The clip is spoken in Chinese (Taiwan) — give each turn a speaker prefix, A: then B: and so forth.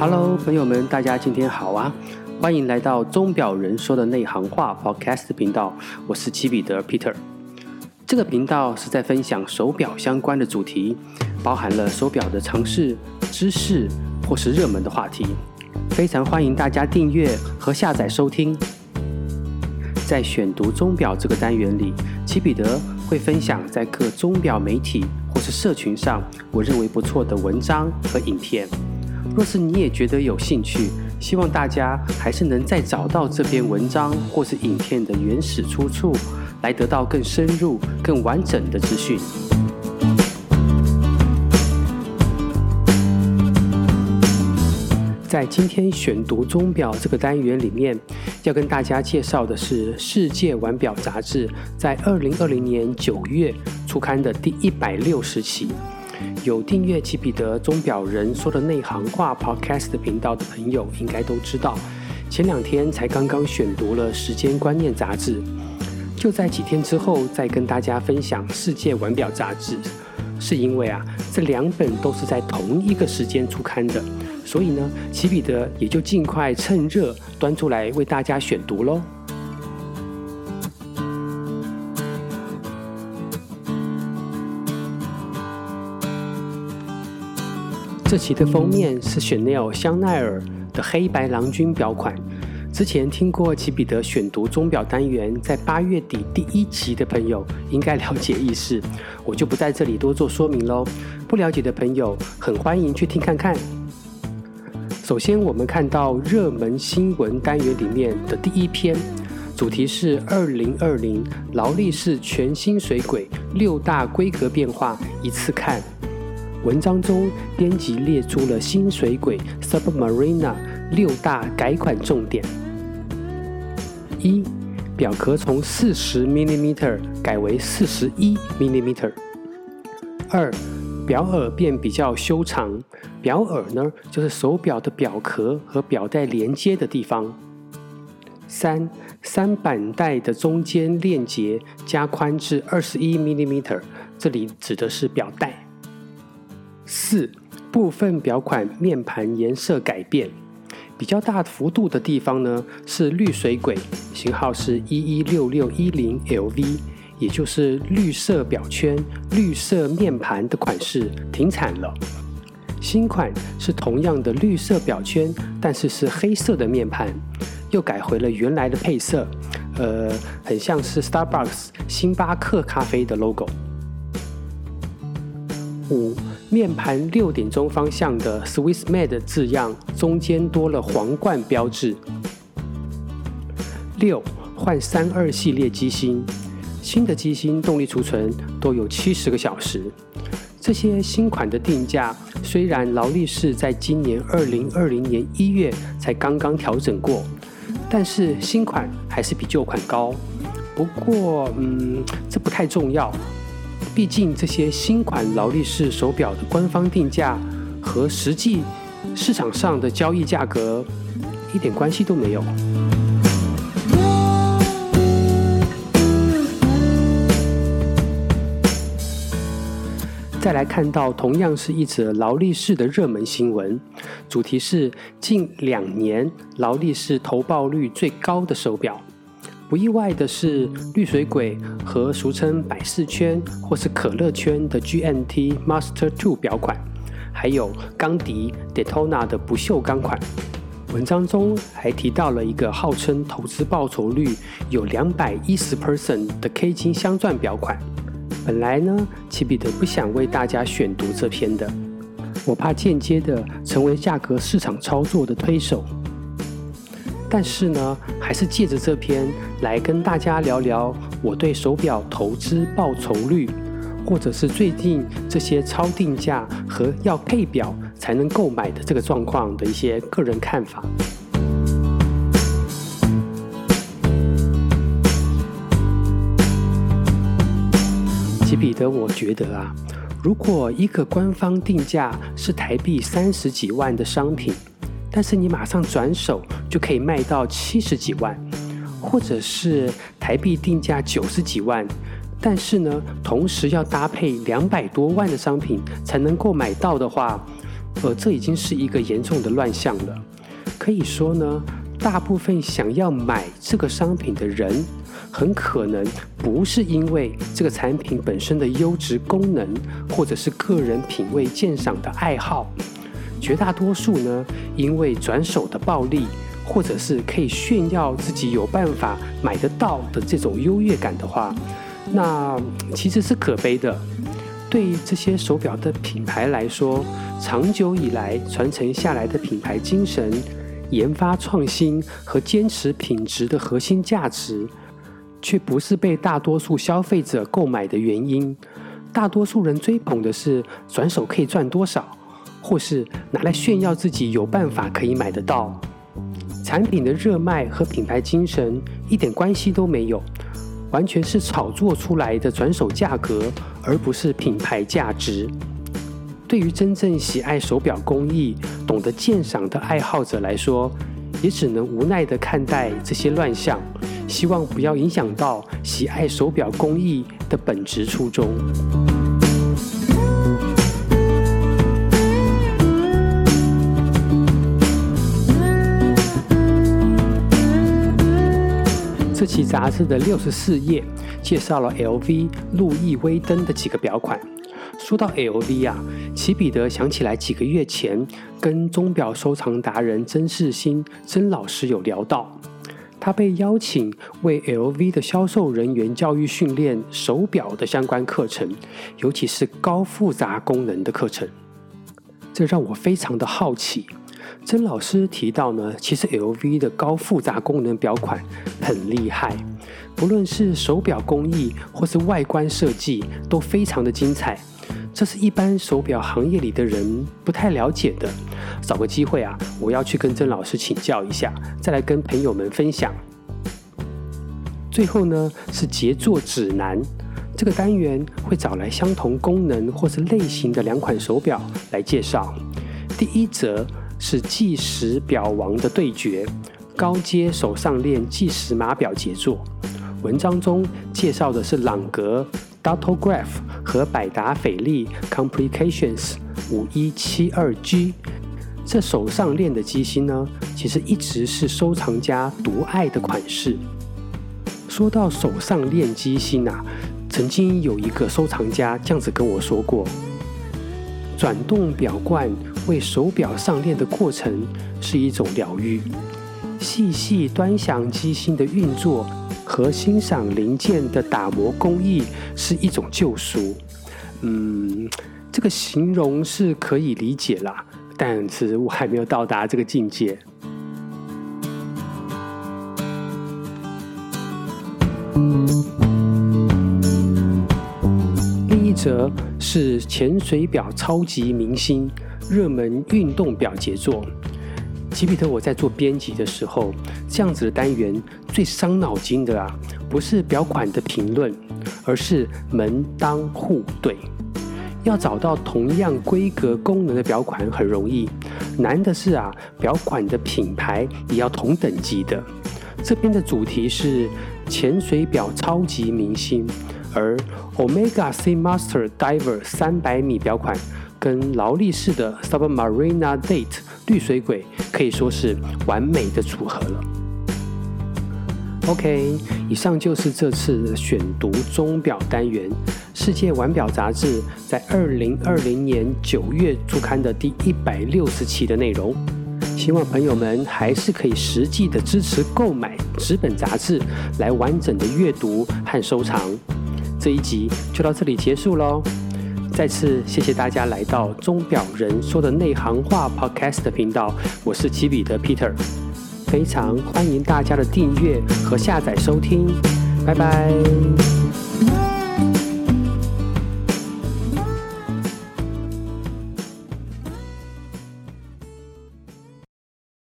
A: Hello，朋友們，大家今天好啊！歡迎來到《鐘錶人說的內行話》Podcast 頻道，我是齊彼得 Peter。這個頻道是在分享手表相關的主題，包含了手表的常識、知識或是熱門的話題。非常歡迎大家訂閱和下載收聽。在選讀鐘錶這個單元裡，齊彼得會分享在各鐘錶媒體或是社群上我認為不錯的文章和影片。若是你也覺得有興趣，希望大家還是能再找到這篇文章或是影片的原始出處，來得到更深入、更完整的資訊。在今天選讀鐘錶這個單元裡面，要跟大家介紹的是《世界腕錶雜誌》在二零二零年九月出刊的第一百六十期。有訂閱齊彼得鐘錶人說的內行話 Podcast 頻道的朋友，應該都知道，前兩天才剛剛選讀了《時間觀念》雜誌，就在幾天之後再跟大家分享《世界腕錶》雜誌，是因為啊，這兩本都是在同一個時間出刊的，所以呢，齊彼得也就盡快趁熱端出來為大家選讀嘍。這期的封面是 Chanel 香奈爾的黑白郎君錶款。之前聽過齊彼得選讀鐘表單元在八月底第一集的朋友，應該了解意思，我就不在這裡多做說明嘍。不了解的朋友，很歡迎去聽看看。首先，我們看到熱門新聞單元裡面的第一篇，主題是二零二零勞力士全新水鬼六大規格變化，一次看。文章中，編輯列出了新水鬼 Submarina 六大改款重點：一、錶殼從四十 millimeter 改為四十一 millimeter 二、2. 表耳變比較修長，表耳呢就是手錶的錶殼和錶帶連接的地方；三、三板帶的中間鏈接加寬至二十一 millimeter 這裡指的是錶帶。四，部分表款面盤顏色改變，比較大幅度的地方呢是綠水鬼型號是一一六六一零 LV，也就是綠色表圈、綠色面盤的款式停產了。新款是同樣的綠色表圈，但是是黑色的面盤，又改回了原來的配色，呃，很像是 Starbucks 星巴克咖啡的 logo。五，面盤六點鐘方向的 Swiss Made 字樣，中間多了皇冠標誌。六，換三二系列機芯，新的機芯動力儲存都有七十個小時。這些新款的定價，雖然勞力士在今年二零二零年一月才剛剛調整過，但是新款還是比舊款高。不過，嗯，這不太重要。畢竟這些新款勞力士手錶的官方定價和實際市場上的交易價格一點關係都沒有。再來看到同樣是一則勞力士的熱門新聞，主題是近兩年勞力士投報率最高的手錶。不意外的是，綠水鬼和俗稱百事圈或是可樂圈的 GMT Master Two 表款，還有鋼迪 Daytona 的不鏽鋼款。文章中還提到了一個號稱投資報酬率有兩百一十 percent 的 K 金鑲鑽表款。本來呢，齊彼得不想為大家選讀這篇的，我怕間接的成為價格市場操作的推手。但是呢，還是借着這篇來跟大家聊聊我對手表投資報酬率，或者是最近這些超定價和要配表才能購買的這個狀況的一些個人看法。齊彼得，我覺得啊，如果一個官方定價是台幣三十幾萬的商品，但是你馬上轉手就可以賣到七十幾萬，或者是台幣定價九十幾萬，但是呢，同時要搭配兩百多萬的商品才能夠買到的話，呃，這已經是一個嚴重的亂象了。可以說呢，大部分想要買這個商品的人，很可能不是因為這個產品本身的優質功能，或者是個人品味鑑賞的愛好。絕大多數呢，因為轉手的暴利，或者是可以炫耀自己有辦法買得到的這種優越感的話，那其實是可悲的。對於這些手錶的品牌來說，長久以來傳承下來的品牌精神、研發創新和堅持品質的核心價值，卻不是被大多數消費者購買的原因。大多數人追捧的是轉手可以賺多少。或是拿來炫耀自己有辦法可以買得到，產品的熱賣和品牌精神一點關係都沒有，完全是炒作出來的轉手價格，而不是品牌價值。對於真正喜愛手錶工藝、懂得鑑賞的愛好者來說，也只能無奈地看待這些亂象，希望不要影響到喜愛手錶工藝的本質初衷。其雜誌的六十四頁介紹了 LV 路易威登的幾個表款。說到 LV 啊，齊彼得想起來幾個月前跟鐘表收藏達人曾世新曾老師有聊到，他被邀請為 LV 的銷售人員教育訓練手表的相關課程，尤其是高複雜功能的課程，這讓我非常的好奇。曾老師提到呢，其實 LV 的高複雜功能表款很厲害，不論是手表工藝或是外觀設計，都非常的精彩。這是一般手表行業裡的人不太了解的。找個機會啊，我要去跟曾老師請教一下，再來跟朋友們分享。最後呢，是傑作指南。這個單元會找來相同功能或是類型的兩款手表來介紹。第一則。是計時錶王的對決，高階手上鏈計時碼錶傑作。文章中介紹的是朗格 Datograph 和百達翡麗 Complications 五一七二 G。這手上鏈的機芯呢，其實一直是收藏家獨愛的款式。說到手上鏈機芯啊，曾經有一個收藏家這樣子跟我說過。轉動錶冠為手錶上鏈的過程是一種療癒，細細端詳機芯的運作和欣賞零件的打磨工藝是一種救贖。嗯，這個形容是可以理解啦，但是我還沒有到達這個境界。則是潛水錶超級明星、熱門運動錶傑作——齊彼得。我在做編輯的時候，這樣子的單元最傷腦筋的啊，不是錶款的評論，而是門當戶對。要找到同樣規格功能的錶款很容易，難的是啊，錶款的品牌也要同等級的。這邊的主題是潛水錶超級明星。而 Omega Seamaster Diver 三百米表款跟勞力士的 Submariner Date 綠水鬼可以說是完美的組合了。OK，以上就是這次選讀鐘表單元《世界腕表雜誌》在二零二零年九月出刊的第一百六十期的內容。希望朋友們還是可以實際的支持購買紙本雜誌，來完整的閱讀和收藏。這一集就到這裡結束嘍！再次謝謝大家來到《鐘錶人說的內行話》Podcast 的頻道，我是齊彼得 Peter，非常歡迎大家的訂閱和下載收聽，拜拜。